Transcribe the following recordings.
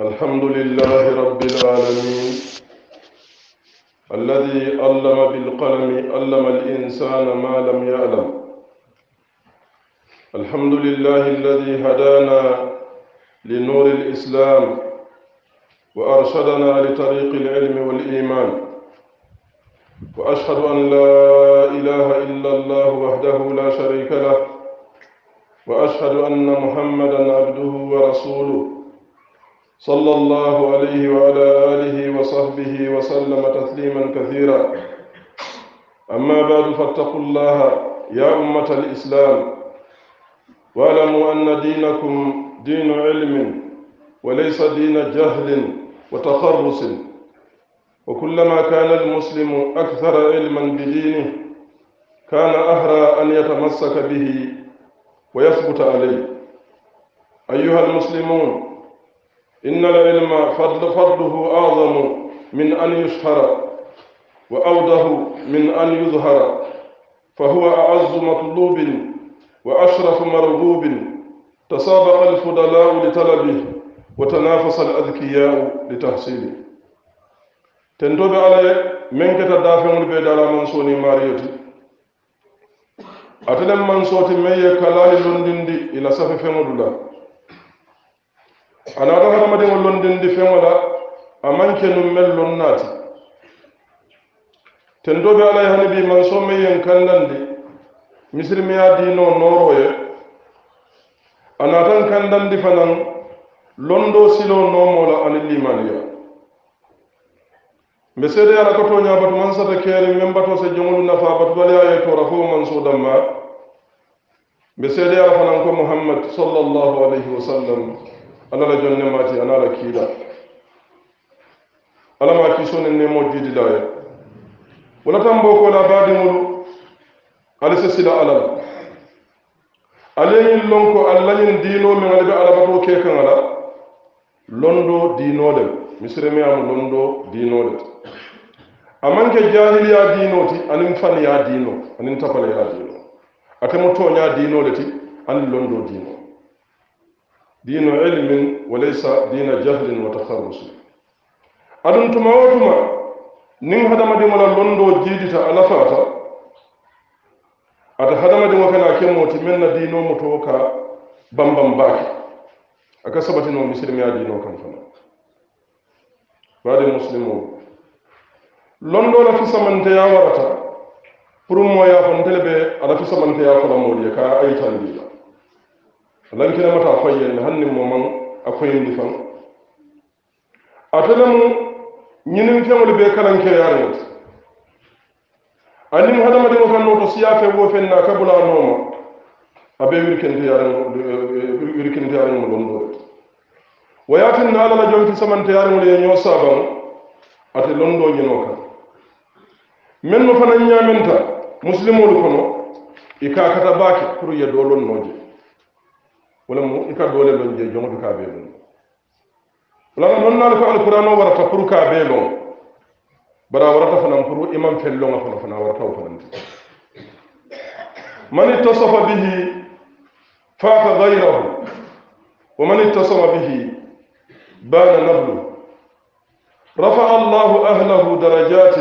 الحمد لله رب العالمين الذي علم بالقلم علم الإنسان ما لم يعلم الحمد لله الذي هدانا لنور الإسلام وأرشدنا لطريق العلم والإيمان وأشهد أن لا إله إلا الله وحده لا شريك له وأشهد أن محمدا عبده ورسوله صلى الله عليه وعلى آله وصحبه وسلم تسليما كثيرا أما بعد فاتقوا الله يا أمة الإسلام واعلموا أن دينكم دين علم وليس دين جهل وتخرص وكلما كان المسلم أكثر علما بدينه كان أهرى أن يتمسك به ويثبت عليه أيها المسلمون إن العلم فضل فضله أعظم من أن يشهر وأوضح من أن يظهر فهو أعز مطلوب وأشرف مرغوب تسابق الفضلاء لطلبه وتنافس الأذكياء لتحصيله تندوب على من كتدافع بدار منصوني ماريوتي أتلم منصوتي مي كلاه لندندي إلى سفف مدلا alaata hadamadiŋo londindi feŋo la a maŋ ke nuŋ meŋ loŋ naati teŋ do be alla ye hani bi manso meŋ yeŋ kandandi misiri meŋ ye a dii noo nooro ye a naataŋ kandandi fanaŋ londo siloo noomoo la aniŋ limaniya mbe seede ye a la kotooñaa batu mansata keeri meŋ batoo se joŋolu nafaa batu bali a ye toora fo manso danmaa mbe seede ye a la fanaŋ ko muhammad sallallahu alayhi wa sallam alala jon nemmaati anaala kiila alama kiisoonen nemmo diidi laaye wala tan bookoola baadimolu ala sesila alal alañin lonko allañin diinoo men ala be alabatoo keekan ala londoo diinoolen misireme am londoo diinoole amanke jahiliya diinoo ti anin faniya diinoo anin tafaleya diinoo atemo tooña diinoole ti anin londoo diinoo dino ilmin walaysa dina jahlin wa takharrusi adun tuma wo tuma nin hadamadiŋola londo jiidita ala fata ata hadamadiŋo fena kemmoti meŋ na diino muto ka bambam baake a ka sabatino misilimeya kan fana baade musilimo londo la fisamanteya warata pour moya fontele be ala fisamanteya kola moolu ye ka ayitandi la lan kila mata fayyel han ni mo man akoyin di fan atalamu ñinin feŋolu be kalan keyaariŋo ti aniŋ hadamadiŋo kaŋ noo to siyaa fe wo feŋ na ka bula nooma a be wirikinteyariŋo londo le wo ye tin na alla la jonti samanteyariŋolu ye ñoo saabaŋ ate londo ñinoo kaŋ meŋ no fanaŋ ñaamenta musilimolu kono i ka a kata baake pour ye doolon noo je wala mu ka dole lon je jongo ka be lon wala non na ko alquran o warata pour ka be lon bara warata fana pour imam fel lon ko fana warata o fana man ittasafa bihi fata ghayrahu wa man ittasama bihi bana nablu رفع الله أهله درجات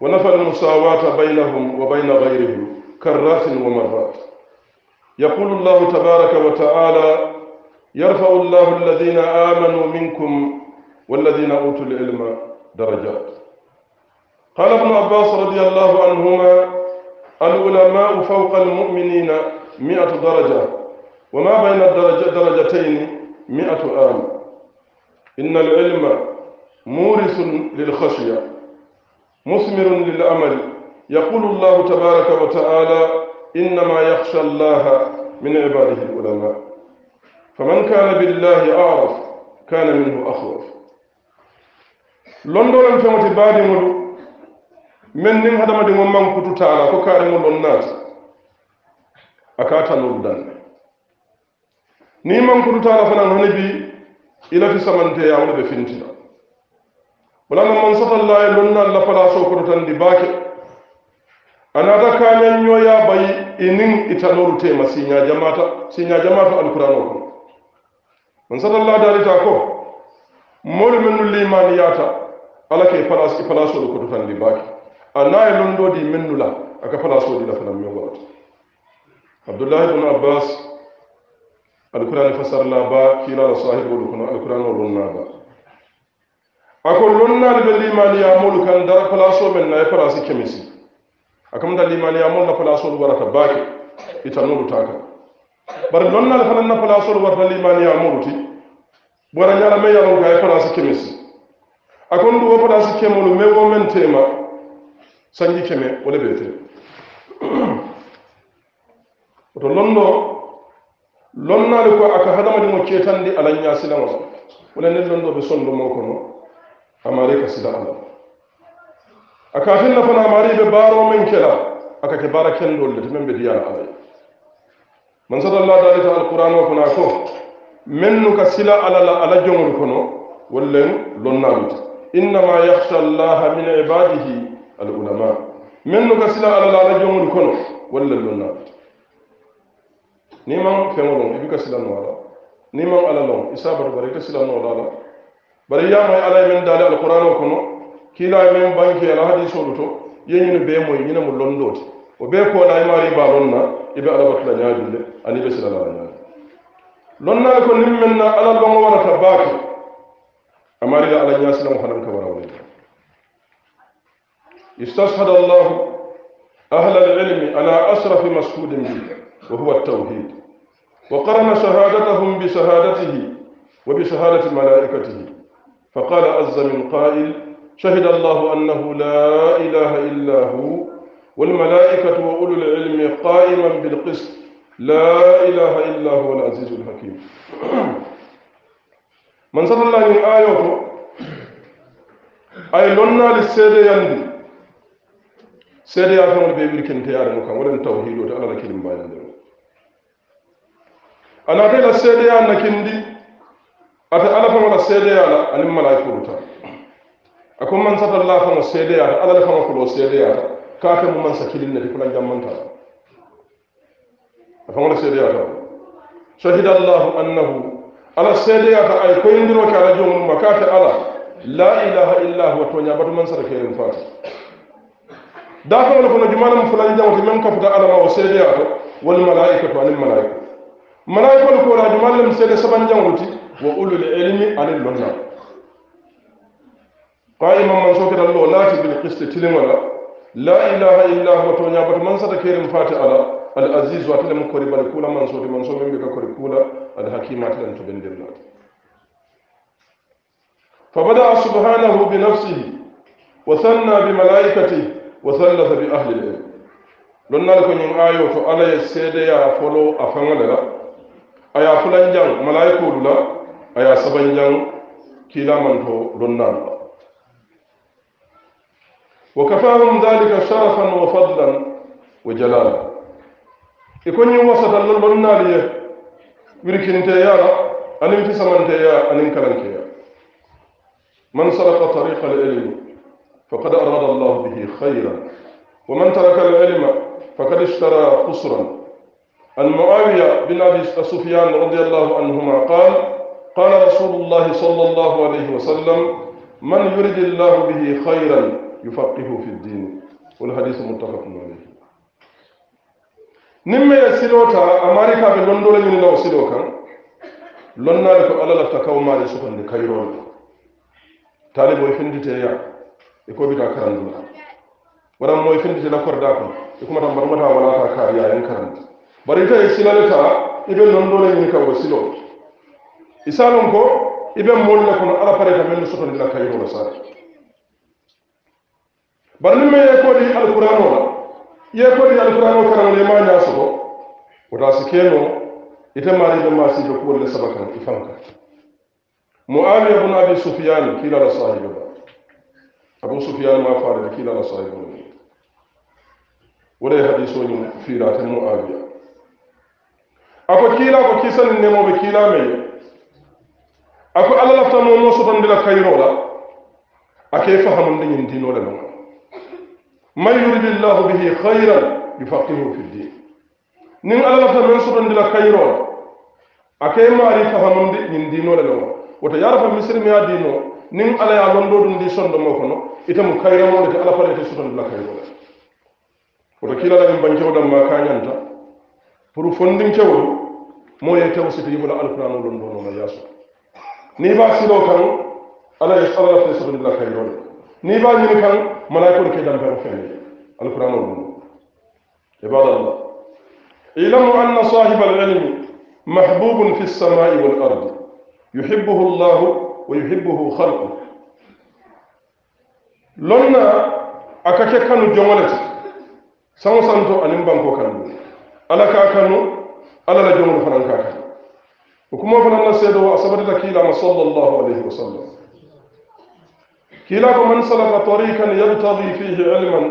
ونفى المساواة بينهم وبين غيرهم كرات ومرات يقول الله تبارك وتعالى يرفع الله الذين آمنوا منكم والذين أوتوا العلم درجات قال ابن عباس رضي الله عنهما العلماء فوق المؤمنين مئة درجة وما بين الدرجة درجتين مئة آم إن العلم مورث للخشية مثمر للأمل يقول الله تبارك وتعالى إنما يخشى الله من عباده العلماء فمن كان بالله أعرف كان منه أخوف لندولن فمتي بادي مدو من نين هذا مدي من كتو تعالى فكارم الناس أكاتا نردان ni man kudu tara fana hani bi ila fi samante ya wala be fintina wala man satallahi lonna la fala so kudu tan di bake anata kanya nyoya bayi inin itanolu tema siña jamata siña jamato alqur'ano ko on satallah ta ko moolu men nu limani yaata ala ke place placeolu koto tan li baake annaye londodi men nu la aka placeodi la fana men warata abdoullahi bnu abbas alqur'ani fasarla ba kiilala sahibolu kono alqur'ano lonna ba ako lonnaali ɓe limaniya molu kan dara place o men naye place kemisi akamda limaniya mol na palasolu warata baake ita nolu taka bari lonnal fanan na palasolu warata limaniya molu ti bora nyala me yalon fala palasi kemis akon du wo palasi kemolu me wo men tema sanji keme wole ɓe te do non na ko aka hadamadiŋo ceetandi ala alanya la wala be lonno ɓe moko kono amare ka sila ala akatin na fana mari be baro men kela aka ke bara ken dol de men be diya ala man sallallahu alaihi wa alquran wa kuna ko men nu kasila ala la ala jongol kono wallen lonna bi inna ma yakhsha allah min ibadihi al ulama men nu kasila ala la ala jongol kono wallen lonna bi ni man fengolon ibi kasila no ala ni ala lon isabar bare kasila no ala bare yamay ala men dale alquran wa kuno kila e men banki ala hadi solu to yeñino be moy ñina mo londoti o be ko lay mari ba lonna ibe ala batla ñaajulle ani be sala la ñaaj lonna ko nim men na ala do mo wara tabaki amari da ala ñaas na mo xalam ka wara wala istashhad allah ahla al ala asraf mas'ud bi wa huwa at-tawhid وقرن شهادتهم بشهادته وبشهادة ملائكته فقال عز من قائل شهد الله أنه لا إله إلا هو والملائكة وأولو العلم قائما بالقسط لا إله إلا هو العزيز الحكيم من صلى الله عليه آية أي لنا للسيدة يندي سيدة يفهم البيبير كنت يعلم كان ولن توهيد وتعالى لكلم ما يندي أنا أتي للسيدة يندي أتي ألفهم للسيدة يعلم أن الملائكة akon man sata la fana seedeyaata ala le fana ya seedeyaata kaate mu man sa kilin ne ti fulan jammanta a fana le seedeyaata shahida allah annahu ala ka ay indiro ke ala jomum ma kaate ala la ilaha illa huwa toña batu man sata keerin fa da na le fana jumanam fulan jamata ka kafuta ala ma o seedeyaata wal malaikatu anil malaika malaikol ko la sai da saban jamwuti wa ulul ilmi anil manna qaima man sokata lo laati bil qiste tilingola la ilaha illa huwa to ñabata man sata keerim faati ala al asise atele mo kori bal kuula man sooti man so min mbi ka kori kuula al hakima atelen to ɓen ndirlaati fa badaa subhanahu bi nafsihi wa sanna bi malaikatih wa sallasa bi ahli l ilm lonnaali ko ñin aayo to alaye seedeya folo a faŋole la aya fulan jang malayikolu la aya saban jang kiilaman to lonnaalu la وكفاهم ذلك شرفا وفضلا وجلالا يكون يوم وسط للبرنا لي ولكن رب أن تسمن يا أن كلام يا من سلك طريق العلم فقد أراد الله به خيرا ومن ترك العلم فقد اشترى قصرا عن معاوية بن أبي سفيان رضي الله عنهما قال قال رسول الله صلى الله عليه وسلم من يرد الله به خيرا yufaqihu fi din wol hadith muttafaqun alayh nimme silota ye be londoo le ñini la silokan siloo kaŋ lonnaale ko alla lafita kawo maari sukandi kayiroo le taaliboo i ya e ko bita karandu waram moy moo i findite la kordaa ko e kuma tam barma ta wala ta bari ita ye sila le ta i be londoo le ñini ka wo isalon ko ibe a loŋ ko ala pare ta men kono de pareeta sa bari min ye kodi alkurano la ye kodi alkurano karanole ma ña soto wota si keno ite mari be masijo kuwol le saba kan i fanka muawiya bun abi sufyan kiilala sahibe ba abu sufyan ma faade de kiilala sahibe ne wona e hadiso ñum fiirate muawiya ako kiila ko kiisani nemoɓe kiila meye ako allah la mo sotondira kayrola ake fahamonde ñin dinole noga man yuridi llahu bihi hayran yufaqihu fi ddin nin alla lafta men sotondila kayiro a ke maari fahamundi ñin diinole le wo woto yarafa misilimeya diino nin alla ye londo ɗum ndi sondomo kono itemu kayramole te alla fanete sotondila kayirole woto kiilala min bancewɗam ma kañanta pour fondinkewol mo ye tew siti yiɓola alkurano londonoma yaso ni ba silo kan ala ye alla lafte sotondila kayirole ni ba ñu kan malaika ko dal ba fenn alquran mo ibada allah ilamu anna sahib al-ilm محبوب في السماء والأرض يحبه الله ويحبه خلقه لنا أكاك كانوا جمالت سمو سانتو أنم بانكو كانوا ألا كانوا ألا لجمال فرنكا وكما فنان سيدو أصبر لكي لما صلى الله عليه وسلم كلاكم من سلك طريقا يبتغي فيه علما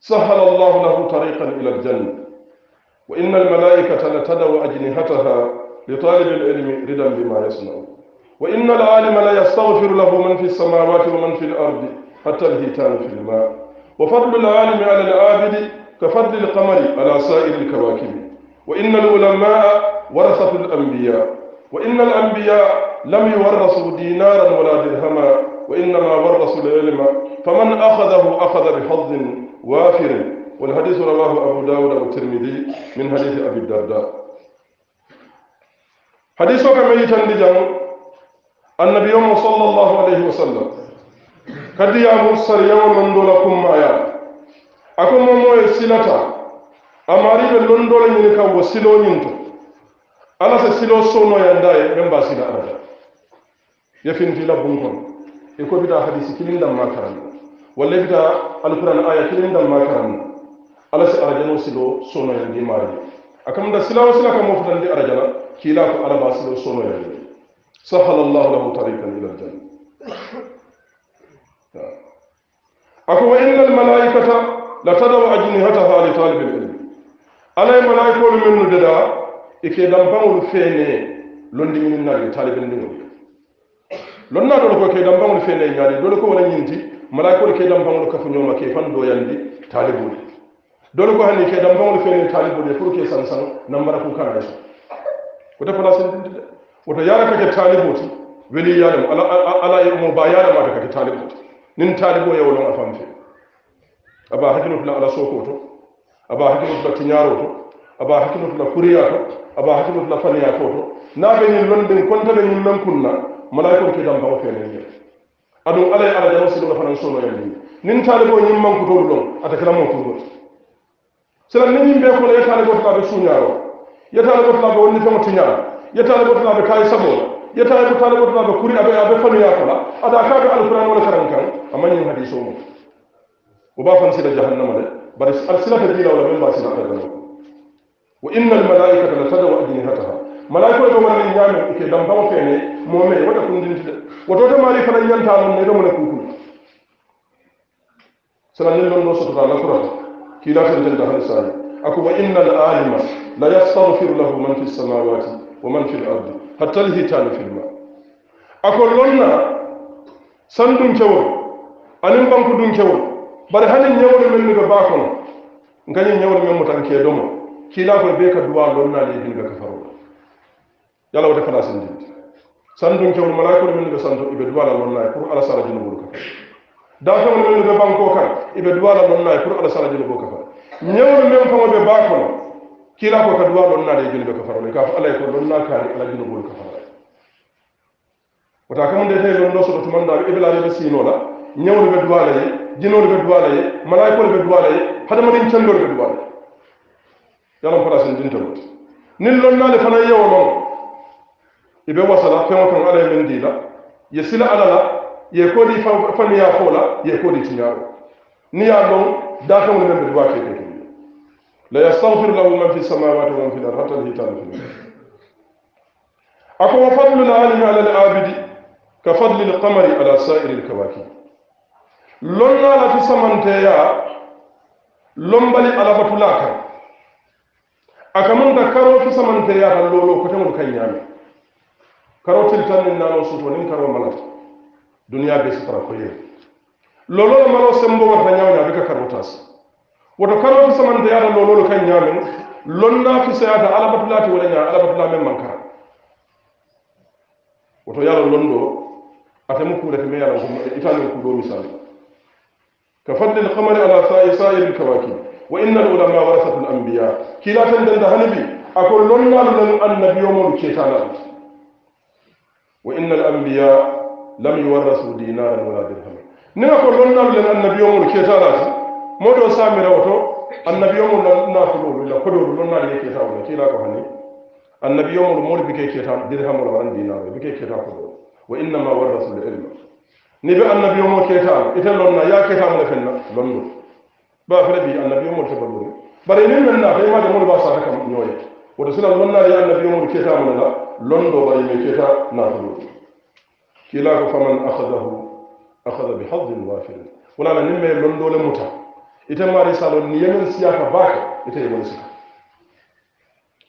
سهل الله له طريقا إلى الجنة وإن الملائكة لتدعو أجنحتها لطالب العلم ردا بما يصنع وإن العالم لا يستغفر له من في السماوات ومن في الأرض حتى الهيتان في الماء وفضل العالم على العابد كفضل القمر على سائر الكواكب وإن العلماء ورثة الأنبياء وإن الأنبياء لم يورثوا دينارا ولا درهما وإنما والرسول علما فمن أخذه أخذ بحظ وافر والحديث رواه أبو داود والترمذي من حديث أبي الدرداء حديث كما يتندجن النبي يوم صلى الله عليه وسلم قد يامر يوم من دولكم مايا أكو مومو سلطة أماري بلون دولة ينكا وسلو ينتو ألا سلو سونو يندائي من باسي لأرجع يفين في لبنكم يكون بدا حديث كلين دم ما كرم ولا بدا القران ايه كلين دم ما كرم على سي ارجن وسلو سونو يندي ماري اكم دا سلا وسلا كم مفدان دي ارجن كيلا كو عربا سلو سونو يندي سهل الله له طريقا الى الجنه اكو ان الملائكه لا تدعو اجنهتها لطالب العلم الا ملائكه من ددا اكي دم بامو فيني لوندي من النار طالب العلم lon na dole ko ke dan bangul fele nyaade dole ko wala nyinti malaikol ke dan bangul ka nyoma ke fan do yandi talibul dole ko hanni ke dan bangul fele talibul e pour ke san san mara ko kan rasu ko ta fala sen dinde wato yara ke taliboti weli yaram ala ala yi e ba bayara ma ke taliboti nin talibo yawo e lon afam fe aba hakilo la ala soko to aba hakilo la tinyaro to aba hakilo fula kuriya to aba hakilo fula faniya to na be ni lon den konta be ni men kunna malaikon ke dan bawo fene ni adu ala ala da rasul fana so no yandi nin talibo nyim man ko tolu don ata kala mo tudo sala ni be ko le talibo ta be sunyaro ya talibo ta be wonni famo tinya ya talibo ta be kai sabo ya talibo talibo ta be kuri abe abe fanu ya kala ada ka be alquran wala karam kan amma ni hadiso mo وبا فنسل جهنم ده بس أرسلت الدين ولا من باسل أبدا وإن الملائكة لتدعو أجنحتها ملائكة يوم الإنجام كي دمبوا فيني moome wota ta wotote maali fana ñanta noon nede mune kunkuna sara nin lon ɗo sotota la kurata kiila tententa hani saali ako wa inna al alima la yastaghfir lahu man fi samawati wa man fi l ardi hatta l hitanu fi lma ako lonna san ɗum kewol anin banku dun kewol bar hani ñawol men mi ɓe baa kono ngañi ñawol men mutan ke kee domo kiila ko be ka duwa lonna e hin ga ka farola yala kana fana sendindi sanndun kewn manaa kono min ɓe santo iɓe duwala lonnaye pour ala sala jino ɓuru kafa dakewn min ɓe banko kan iɓe duwala lonnaye pour ala sala jino ɓo kafa ñewnu men fama ɓe baakono kila ko ka duwa lonnade e jino ɓe kafarone kaf alay e ko lonnakaani ala jino ɓolu kafarae wota kamu nde tawi lonno soto tumandaɓe iɓelaɓe ɓe siinola ñewnu ɓe duwalaye jinoolu ɓe duwalaye manaa kono ɓe duwalaye hade maɗin cendol ɓe duwalaye yalon pota sen jintanoti nin lonnade fana yewo mango ibe wasala feŋo feŋo alla ye meŋ dii la ye sila alla la ye ko di faŋ ye fo la ye ko di tiñaaro niŋ ye a loŋ daafeŋo le meŋ be duwaa kee kete la yastaghfiru lahu man fi samawati wa man fi lard hatta lhitaani fi lard a ko wa fadlu laalimi ala alabidi ka fadli lqamari ala sairi lkawakib lonnaa la ti samanteeyaa lombali alabatulaa kaŋ a ka muŋ ka karoo ti samanteeyaata looloo koteŋolu kaŋ ñaame karotil tan nin naano suto nin karo malata duniya be sitara koye lololo malo sembo wata ya bika karotas saman karoti samanteyata lololu kan ñamen lonna fisayata alabatulati wala ña alabatula men mankara woto yalo londo muku kuurete me yalan ko itañin kuuɗo misali ka fadli l kamari ala sairi l kawaki. wa inna al ulama anbiya. l ambiya kiilatan denda hani bi ako lonnalu nan annabiyo molu cetanalati wa inna alambiya lam yuwarrasu dinaran wala dirham nega ko lonnalu len annabiyomol ketalati modi o samirawoto annabiyomol natulolu illa kodolu lonnali ye ketawol kiila ko hani annabiyomol moolu bike keta dirhamol waran dinaro bike keta kodol wa innama warrasu li ilma ni be annabiyomo ketalo ite lonna ya ketamo le fenna lonnu ba fere bi annabiyomol tebaluri bare nin men naata imaje molu ba sata kam ñoyete woto silam non naari annabi yomoɗo keetamunala londo ɓay me keeta naatuluɗo kiila ko faman akhadahu ahada bi hadd hadin wala wonana nin londo le muta ite mari salo ni yemen siyaka baake ite si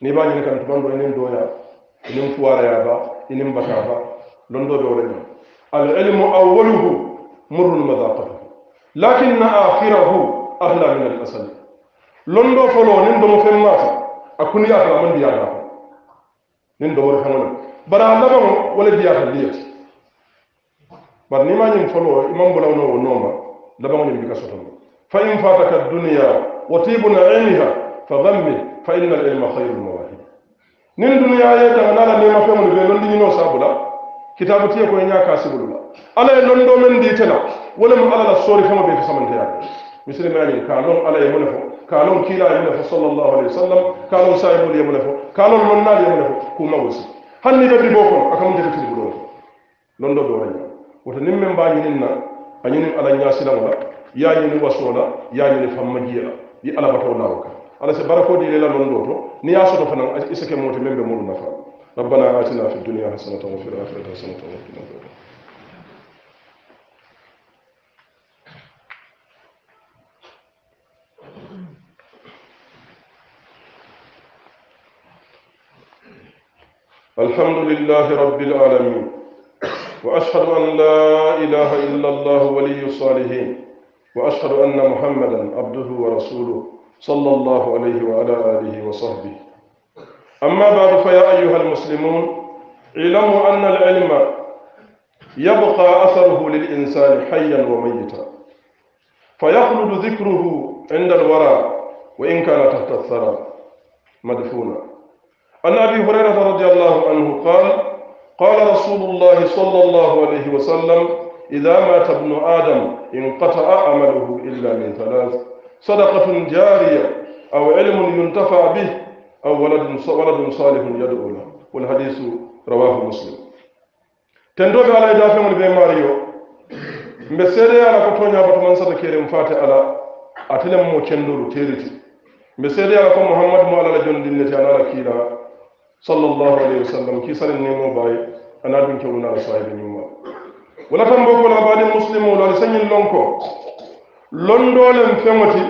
ni ba ni bañini kam to ɓanɗo enen doya enen ya ba enen bata ba londo do ɗon al ilmu awwaluhu murrun madaqatu lakinna akhiruhu ahla min al asal londo folo ni ndo mo fen mata akuni ya fara man diya ba nin do wor hanon bara na ba wala diya fa diya bar ni ma nyim folo imam bulaw no wono ma da ba nyim bika soto fa in fataka ad-dunya wa tibuna 'alayha fa dhammi fa inna al-ilma khayrul mawahib nin dunya ya da na la ne ma fe mon be non di no sabula kitabu tiye ko nya ka sibulula ala e non do men di tela wala mo ala la sori fama be samanta ya misri ma ni ka non ala e mon fo kalon kila ne fo sallallahu ka wasallam kalon yemu ne fo kalon lonnal ne fo kuma wasi hanni be ribo ko akam de tiri bulo londo do wanya wota nim men ba yinin na anyinin ala nya silama ya yinin la ya yinin la yi ala bato ka ala se barako di non londo to ni ya soto fanaŋ isake moti men be moolu nafa ربنا آتنا في الدنيا حسنة وفي الآخرة حسنة وقنا عذاب النار الحمد لله رب العالمين وأشهد أن لا إله إلا الله ولي الصالحين وأشهد أن محمدا عبده ورسوله صلى الله عليه وعلى آله وصحبه أما بعد فيا أيها المسلمون اعلموا أن العلم يبقى أثره للإنسان حيا وميتا فيخلد ذكره عند الورى وإن كان تحت الثرى مدفونا عن أبي هريرة رضي الله عنه قال قال رسول الله صلى الله عليه وسلم إذا مات ابن آدم انقطع عمله إلا من ثلاث صدقة جارية أو علم ينتفع به أو ولد ولد صالح يدعو له والحديث رواه مسلم تندوب على إدافع من بين ماريو مسيري على bato man sata kere m fate ala atelem mo cendolu teriti mbesede ala ko muhammad mo ala la jondinete صلى الله عليه وسلم كي سال النيم باي انا بن كي ونال صاحب النيم ولا تم بوكو لابد المسلم ولا سنين لونكو لوندول انفيماتي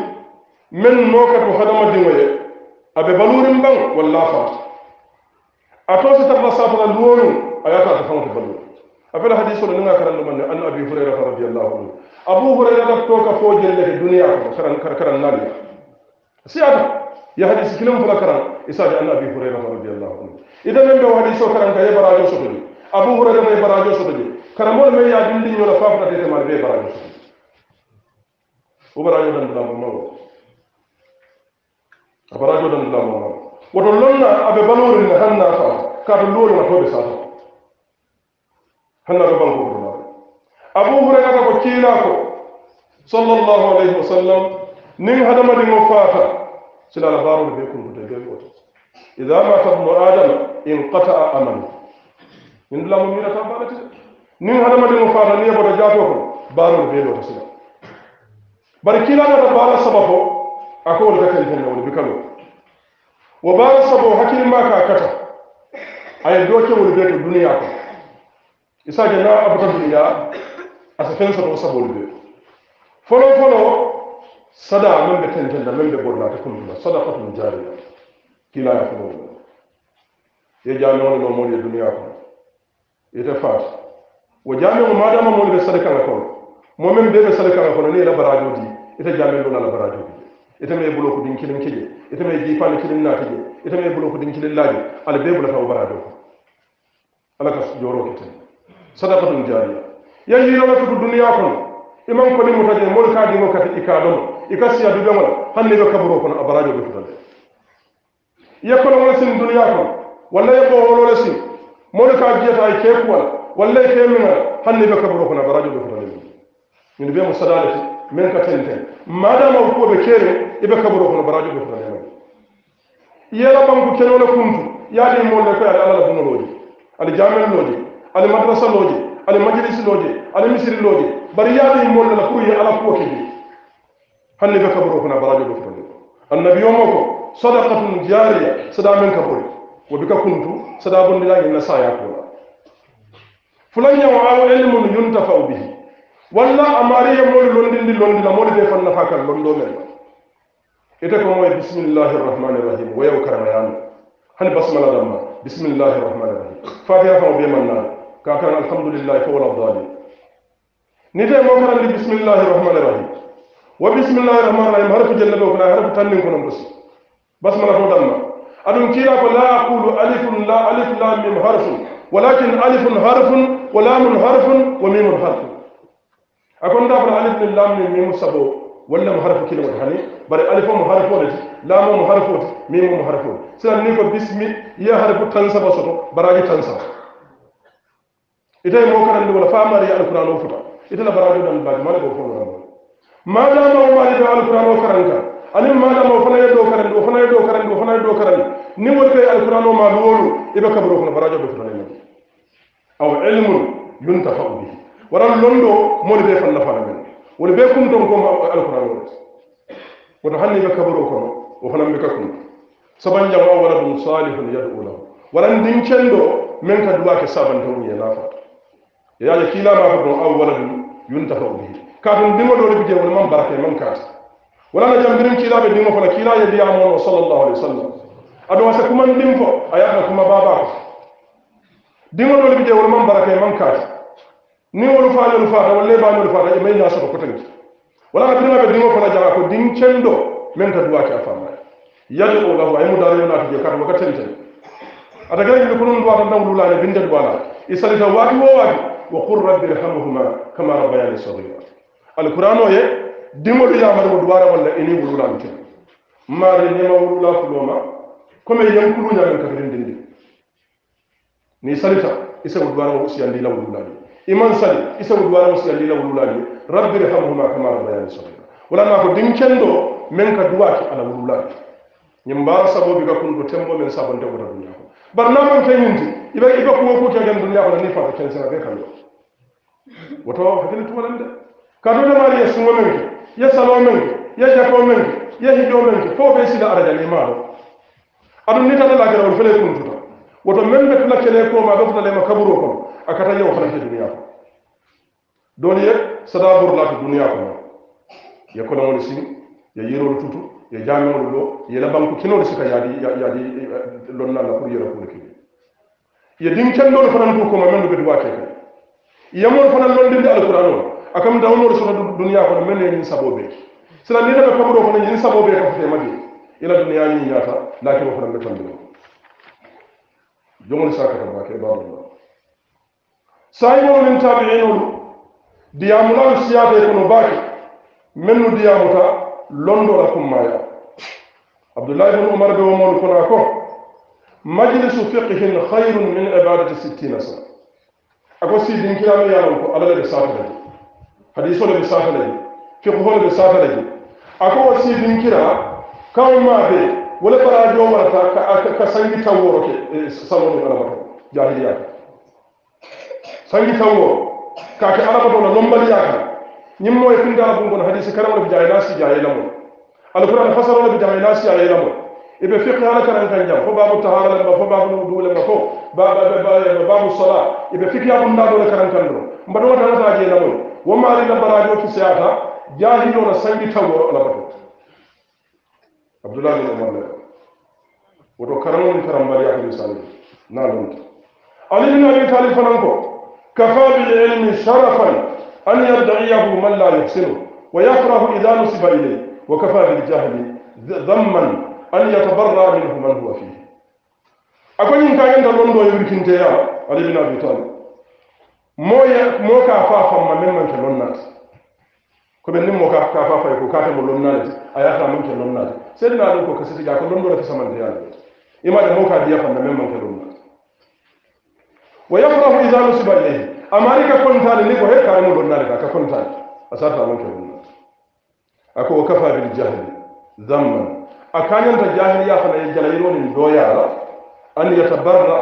من نوكا تخدم الدنيا ابي بلور مبان ولا فات اتوسي تبلا سافر الوون اياتا تفهمت بلور افلا حديث ولا نغا كران لمن ان ابي هريره رضي الله عنه ابو هريره دكتور كفوجل لك الدنيا كران كران نالي سياده ya hadisi kilim fula karan isaji anna abi hurayra radiyallahu anhu idan men be hadiso karan ka yebarajo sotodi abu hurayra mo yebarajo sotodi karamol men ya dindi nyola fafna tete mar be barajo sotodi o barajo dan dula mo mawo a barajo dan dula mo mawo woto lonna abe balori na hanna fa ka to lori ma to be sa hanna be banko ko abu hurayra ko kila ko sallallahu alaihi wasallam nin hadama dingo fata sila la baarol be kuntuta joyi woto ida mata bnu adama inqata'a amanu min dulamu miirata balati nin hadamadiŋo faata niŋ ye bota jaato kono baarolu bee loota sila bari kiilaanata baara saba fo a ko wolu ka kalifen na wolu bi kaloo wo baara saboo hakkilimaa ka kata a ye doo ke bee to duniyaa kono isaake niŋ a bota duniyaa a si feŋ saboo saboolu bee foloo foloo صدى من بتن جنة من بقول لا تكون جنة صدى فتن جارية كلا يكونون يجانون من الدنيا كم يتفاس وجانون ما دام مولى بسلك على كون مؤمن بيه بسلك على كون نيل براجو دي إذا جانون دون على براجو دي إذا ما يبلو كدين كلين كجي إذا ما يجي فان كلين ناتجي إذا ما يبلو كدين كلين لاجي على بيه بلو فاو براجو على كاس جورو كتن صدى فتن جارية يجي لو ما تكون الدنيا كم إمام كلي متجه مولك عادي مكتئك عدمه i ka siya dudiyaŋo la hani ne be kaburoo kono a barajo be futa le i ye koloŋo le sini duniyaa kono walla i ye bowolo le sini moolu ka jiyata a ye kee kuwa la walla i kee miŋa la hani ne be kaburoo kono a barajo be futa le ñinu be mu sadaa le ti meŋ ka teŋ teŋ maadaama wo kuo be keeriŋ i be kaburoo kono barajo be futa le la bangu kenoo le kuntu i ye a diŋ le ko ye ali alla la bunoloo je ali jaamelu loo ali madrasa loo je ali majilisi loo je ali misiri loo bari i ye a le la pour ala kuo ke hanni ka kaburo kuna barajo do fotoni annabi yomo ko sadaqatun jariya sada men kaburi wo bika kuntu sada bondi la na saya ko fulan yaw aw ilmun yuntafa bihi walla amariya mol londindi londila mol be fanna fakal londo men ite ko moy bismillahir rahmanir rahim wo yaw karama yan hani basmala damma bismillahir rahmanir rahim fatiha fa be manna ka kan alhamdulillah fa wala dhalin ni te mo karandi bismillahir rahmanir rahim wa bismillahir rahmanir rahim harfu fi jelle ɗo kona hara fi tannin konon bosi basmala to ma adun kiira ko la aqulu alifun la alif la mim harfu walakin alifun harfun wa lamun harfun wa mimun harfun akon dafata alif la mim mim mimu sabo walla mu harfu kila wata hani bare alifo mu harfu ti lamun mu harfu mim mu harfu sai ni ko bismi ya harfu tan sabo soto baraji tan sabo itay mo karandi wala famari alquran o futa itala baraji dan baji mala ko fo wala madama o maali be alqur'an o karanta ani madama o fana ye do karandi o fana ye do karandi o fana ye do karandi ni wol be alqur'an o maali wolu ibe e kaburo kono barajo be fana nagi aw ilmun yuntafau bihi waran londo moli be fan nafana men wol be kumton ko alqur'an o woto hanni be kaburo kono o fana be kakun saban jama wala dum salihun yad'u lahu waran din cendo men ka duwa ke saban ye e nafa ya e ya kila ma ko aw wala dum yuntafau bihi kafin dingo dole bije wala man barake man kat wala na jam jambirin kila be dingo fala kila ya diya mu sallallahu alaihi wasallam ado wasa kuma dim fo ayata kuma baba dingo dole bije wala man barake man kat ni wala fa wala fa wala le ba wala fa may na ko tanki wala na dingo be dingo fala jara ko ding cendo men ta duwa ci ka fama yadu lahu ay mudare na tije kan wakatan tan tan ata atagala ni kunun duwa tan dawlula ne binde duwa na isalita wati wo wati wa qur rabbi irhamhuma kama rabbayani saghira alkurano ye dimolu yamarimu dubara walla ini wululanke mari nima wulula fuloma comme yenkulu ñamen kafirin dindi ni salita isa isagu dubaramo siyandila wululani iman sali isa isagu dubaramo siyandila wululani rabbi irhamhuma kama rabbayani sabira wala ma ko dinkendo men ka duwa duwaki ala wululani ñim sabo bi ka kun ko tembo men sabo sabonte ko duniya ko bar na man keñinti ibe ibe ko ko ke kegen dunya ko ni fa fata kensena be kam yo woto hakili tuwalande kaduna mari ya sumo menke ya salo menke ya jako menke ya hido menke fo be sila araja le maalo adun ni tata la gara fele kuntu woto membe tula kele ko ma do tala ma kaburo ko akata yow xana ci dunya ko don ye sada bur la ko dunya ko ya ko non sin ya yero tutu ya jami mo lo ya la banku kino de sika yadi yadi lon la la pour yero pour ki ya dim ken non fanan ko ma men do be duwa ke ya mon fana lon dindi alquran akam da wono sura dunya ko men ni sabo be sira ni da ko do ko ni sabo be ko te madi ila dunya ni nyata lakin ko da tambe jongol saka ba ke ba do sai mo min tabi'in tabi'inu diamu la siyade ko no baki menu diamu ta londo la kum maya abdullah ibn umar be wono ko na ko majlisu fiqhin khairun min ibadati 60 sana ako sidin kilama yalan ko alala da safa حديث ولا مسافة لي في قبول مسافة لي أكو وسيد كيرا كم ما في ولا ترى يوم رتا ك كسانج تاور ك سامون ولا بكر جاهليا سانج تاور ك ك أنا بقول نوم بلي أكا نيم مو يفين دار بقول حديث كلام ولا بجاهلا سي جاهلا مو القرآن فسر ولا بجاهلا سي جاهلا مو إذا فقه هذا كلام كان جاب فباب التهارة لما فباب الوضوء لما فو باب باب باب باب الصلاة إذا فقه هذا النادو كلام كان جاب مبنوه كلام كان جاب wo maari la barajo ci seyata jahilo na sangi tawro la bato abdullah bin umar la woto karamo ni karam bari akhi misali na lon ali bin abi talib fanan ko kafa bil ilmi sharafan an yad'iyahu man la yuhsinu wa yafrahu idha nusiba ilayhi wa kafa bil jahli dhamman an yatabarra minhu man huwa fihi akwai yin kayan da londo ya birkin ta yawa ali bin abi talib moya mo ka fa fa ma men man telon nas ko ben mo ka ka fa fa ko ka mo lon nas aya ka man telon nas sed na ko ka siti ga ko lon do ta saman de ima da mo ka biya fa men man telon nas wa yafrahu idha nusiba ilayhi amari ka konta ni ko he ka mo lon nas ka konta asata man telon nas ako kafa bil jahl dhamman akanyan ta jahiliya fa na jalayro doya an yatabarra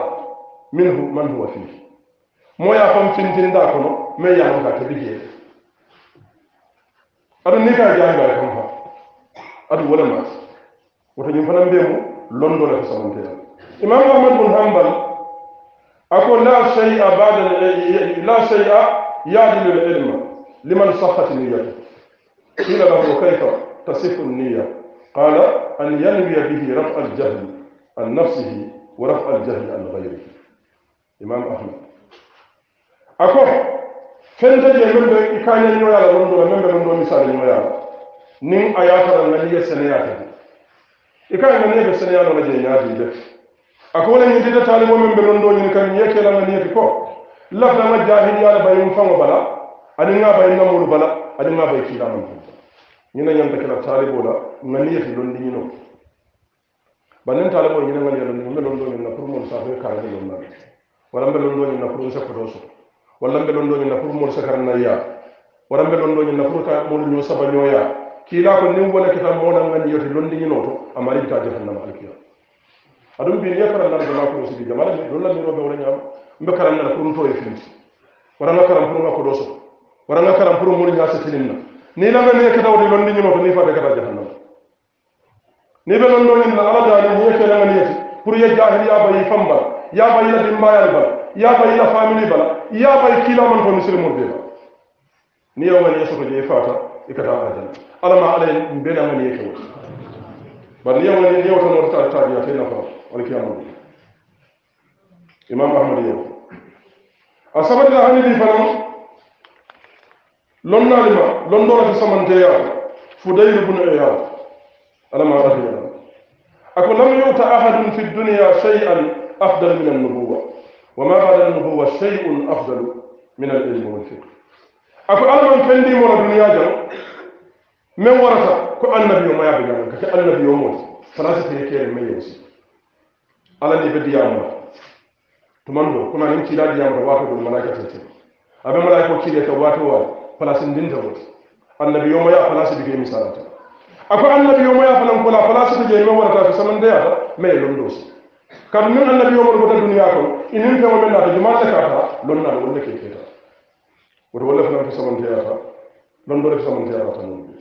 minhu man huwa fihi moo ye a fam tinitinindaa kono meŋ ye a loŋ ka te jee adu ni ka jaanga le fa adu wala le wata woto ñiŋ fanaŋ bee mu londo le samanteya imam ahmad bun hambal a ko la shay'a ba'da la shay'a ya'dilu al-ilma liman sahhat niyyatu qila lahu kayfa تصف النية قال أن ينوي به رفع الجهل عن نفسه ورفع الجهل عن غيره إمام أحمد ako fente je men be i ka ñañoyala wondo la men be men do misala ñoyala nin a ye tara ŋani ye seneyata i ka ŋani ye be seneya lo la je ñaati de a ko wala ñindi de taalimo men be men do ñini kan ye kela ŋani yeti ko lafta ŋa jahiliya la bayin faŋo bala aniŋ ŋa bayin namolu bala aniŋ ŋa bayi kiila man ñina ñanta tali bo la ŋani yeti londi ñino banin taalibo ñina ŋani ye londi ñimbe londo ñin na pour mon saafe kaani lonna wala mbe londo ñin na pour nse koto soto walla mbe nafur ɗoñi nafuru moolu walam walla mbe ɗon ɗoñi nafuru ka moolu ñoo ya. ki la ko nin wona kita moonangan yoti londiñino to noto amari ta jahannama alkiyama aɗum mbi niya karan nana jama kono sidi jamala lollamiroɓe wala ñam mbe karan nana pour to e finti waranga karan pour ga koɗo soto waranga karan pour moolu nim na ni nanga niye keta woti londiñino to ni fate kata na ni ɓe non na ala daani niye kenanga niyeti pour jahil ya bayi famba, ya bayi la dimbayal ba يا باي لا فاميلي بلا يا باي كيلا من فمي سير مودي ني يوم ني يسوك جي فاتا يكتا بدل الا ما علي بين ما ني يكو بل يوم ني ني يوتو مورتا تا يا فينا فا ولكي امام امام احمد يوم اصبر لا حني لي فنم لون نالما لون دورا في سمانتي يا فدير بن يا الا ما رضي الله اكو لم يؤت احد في الدنيا شيئا افضل من النبوه وما بعد هو شيء أفضل من العلم والفقه أكو أنا من فندي مورا دنيا جو من ورثة كو النبي ما يبغى لك كي النبي يموت ثلاثة هيكير من يوسف على اللي بدي يعمل تمنو كنا نمشي لا ديام رواه بالملائكة تنتهي أبي ملائكة كذي كواتو فلاسين دين تروت النبي يوم يا فلاس بيجي مسارته أكو النبي يوم يا فلان كلا فلاس بيجي من ورثة سمن ديا ما يلوم دوسي kar nun annabi yomol bota duniya ko inin fengo men naata jumata kaata lon naata wolle ke keeta woto wolle fananke samanteyata lon dole samanteyata non ɓe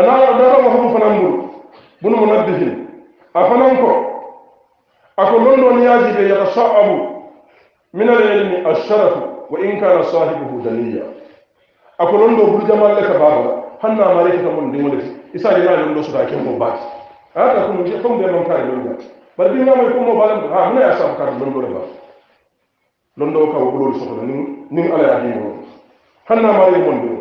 anaa darango habu fanan mburu bunu mo nabbihin a fanan ko ako london yaaji ɓe yatasa'abu min al ilmi asharafu wa in kana sahibuhu daniya ako londo burjamalle ka baabala hanna marekita mon ndimoleti isaji naa londo sutaa kemmo baati aata ko mo comme ɓe man kaari londati bari bi ñamay ko mo balam ha na ya sam kar lon do ba lon do ka ko lolu soxla ni ni ala ya di mo hanna ma yi mon do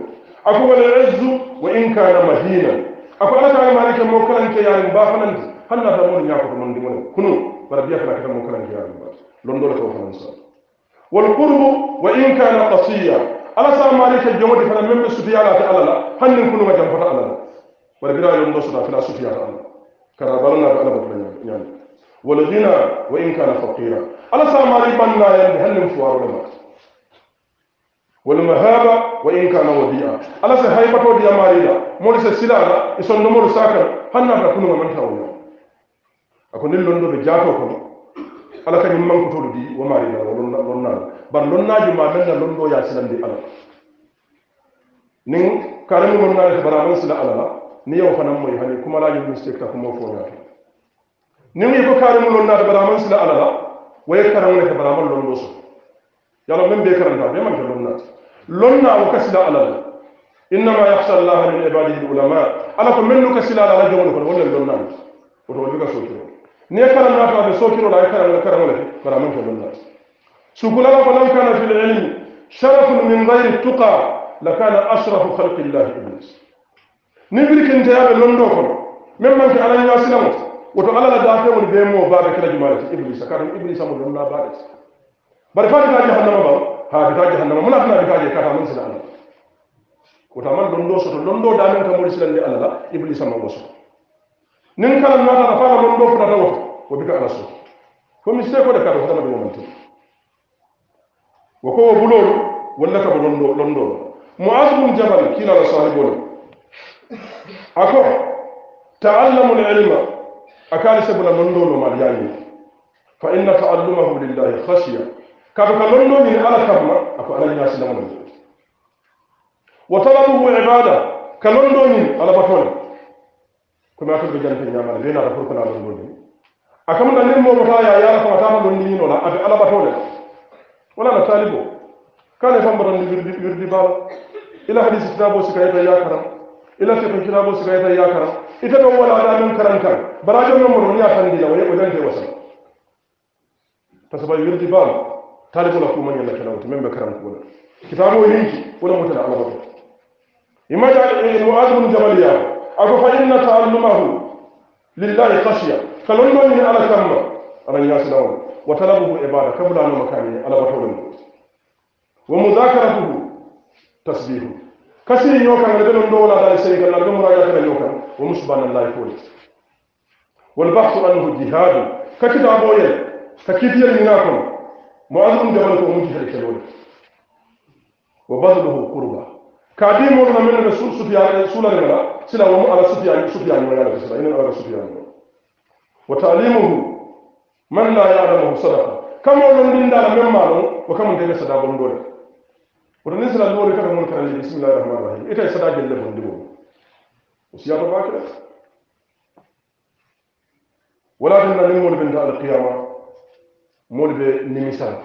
aku wal izzu wa in kana mahina aku ata ma rike mo kan ke yaani ba fanan hanna da mon ya ko mon di mon kunu bara biya kana ka mo kan ke yaani ba lon do ko fanan sa wal qurbu wa in kana qasiya ala sa ma rike jomodi fanan membe sufiya la ta ala hannin kunu ma jam fata ala bara bira lon do sura fila sufiya ta ala kara balna ba ala ba fanan yaani والغنى وإن كان فقيرا على ساماري بنا يهلم فوار لما والمهابة وإن كان وديعا على سهيبة وديا ماريلا مولس السلالة يسون نمور ساكن هنا تكون من تاويا أكون اللون دو بجاتو كون على كان يمم كتول دي وماريلا ولنال بل لنال ما من لون دو ياسلم دي ألا نين كارمي من نال خبرامن سلا ألا نيو فنم ويهاني كمالا لا يجب نستيقظ كما فورياتي نمي بكار ملون نار برامن سلا على لا ويكرم لك برامن لون دوس يا رب من بكرم من بمن كلون نار لون نار وكسلا على لا إنما يخشى الله من عباده العلماء على فمن لك سلا على جون كل ولا لون نار ورب لك سوكر نيكرم نار بعد سوكر ولا يكرم لك كرم لك برامن كلون نار سكولا ولم كان في العلم شرف من غير التقى لكان أشرف خلق الله الناس نبرك انتهاب اللون دوكم من من كان يواصل مصر وتقال لا دافع من بيم مو بابي كلا جمالة إبليس كارم إبليس أمر لنا بارس بارفع جهاز جهنم بام ها جهاز جهنم منا بنا جهاز كارم من سلام وتامن لندو سر لندو دامن كمولي سلام لي الله إبليس أمر بس نين كلام ما رافع لندو فنا دوت وبيك على سو فمن سيكو دكارو هذا ما دوم أنتم وكو بلور ولا كبر لندو لندو معاذ بن جبل كلا رسالة بولي أكو تعلموا العلم akali sabula londo no mariyani fa inna ta'allumahu lillahi khashiya kabe ka londo ni ala kamma ako ala ya sila mun wa talabuhu ibada ka londo ni ala batone kuma ka be jante nyama le na ta furko na londo ni akam na nin mo ta ya ya ko ta londo ni no la abe ala batone wala na talibo kale fambaran ni wirdi wirdi bala ila hadisi tabo sikayta ya karam ila fiqh tabo sikayta ya karam ita don wala da nan karan kan barajo nan mun ya san dila waye wajen da wasa ta sabai yurdi ba talibu la kuma yalla kana mutum membe karan ko kitabu yinki wala mutala Allah ba imma da mu'adh bin jabaliya ako fa inna ta'allumahu lillahi khashiya kalon don ni ala kamma ran ya sadawu wa talabuhu ibada kabla no makani ala batawlin wa mudhakaratuhu tasbihu كسر يوكا ala ɓenon على wala dali seri يوكا ala الله يقول والبحث عنه جهاد كتب أبويا كتب يلناكم معظم جبلكم من جهة الكلول وبذله قربا كادي مورنا من الرسول سفيان سولا رملا سلا وم على سفيان سفيان ولا على سفيان ولا على سفيان وتعليمه من لا يعلمه صدقة كم ولن من دار من مالو وكم من دار صدقة من دولة woto niŋ sila doori kata moolu karandi bisimillahi rahmani rahim ite sata jelle bondi wo o siyaata baakira wala tinna niŋ moolu benta alkiyama moolu be nimisala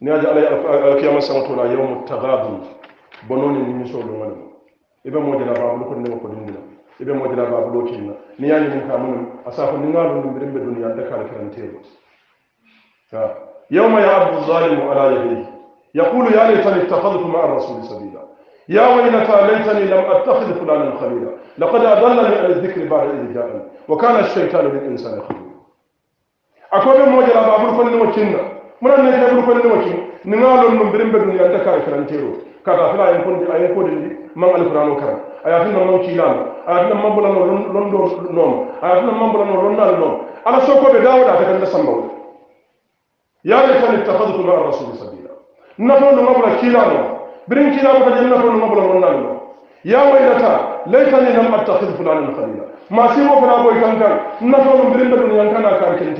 niŋ aje ala alkiyama saŋoto la yawmu tagabun bonoo niŋ nimisoo loŋa le i be moo jela baabulo ko nema kodindi la i be moo jela baabulo kinna niŋ ye a ñiniŋ kaa munum a saa fo niŋ ŋa londum biriŋ be duniyaa nte kaa le kiranteelo yawma yaabdu zalimu ala yadayhi يقول يا ليتني اتخذت مع الرسول سبيلا يا ويلتى ليتني لم اتخذ فلانا خليلا لقد اضلني عن الذكر بعد اذ جاءني وكان الشيطان للانسان خذولا اقول لهم وجه ابو بكر بن مكنا من ان يجي ابو بكر بن مكنا نقال من برم بن يدك كان كذا فلا يكون اي يكون ما القران وكرم اي في من نوم اي في من بلا نون نوم اي في من بلا نون نوم على سوق بداوده كان سمول يا ليتني اتخذت مع الرسول سبيلا نفو نمبر كيلانو برين كيلانو فجل نفو نمبر منانو يا ويلتا ليتني لم أتخذ فلانا خليلا ما سيما فلا بوي كان كان برين بدون ينكنا كان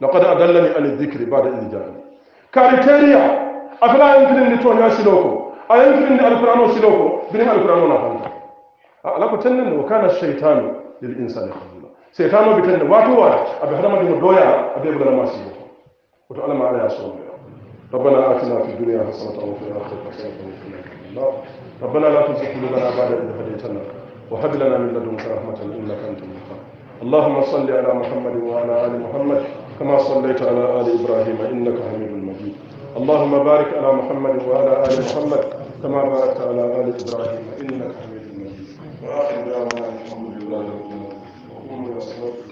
لقد أدلني عن الذكر بعد إذ جاءني كاريتيريا أفلا يمكن أن تونيا سيلوكو أيمكن أن القرآن سيلوكو برين القرآن نفو alako tennene wo kana cheitanu lil insani khalula seytano ɓe tenne wato wata aɓe haɗama ɗimo doya aɓe ɓuranama sibo oto alama ala ya ربنا آتنا في الدنيا حسنة وفي الآخرة حسنة وقنا عذاب النار ربنا لا تزغ قلوبنا بعد إذ هديتنا وهب لنا من لدنك رحمة إنك أنت الوهاب اللهم صل على محمد وعلى آل محمد كما صليت على آل إبراهيم إنك حميد مجيد اللهم بارك على محمد وعلى آل محمد كما باركت على آل إبراهيم إنك حميد مجيد وآخر دعوانا الحمد لله رب العالمين وقوموا إلى صلاتكم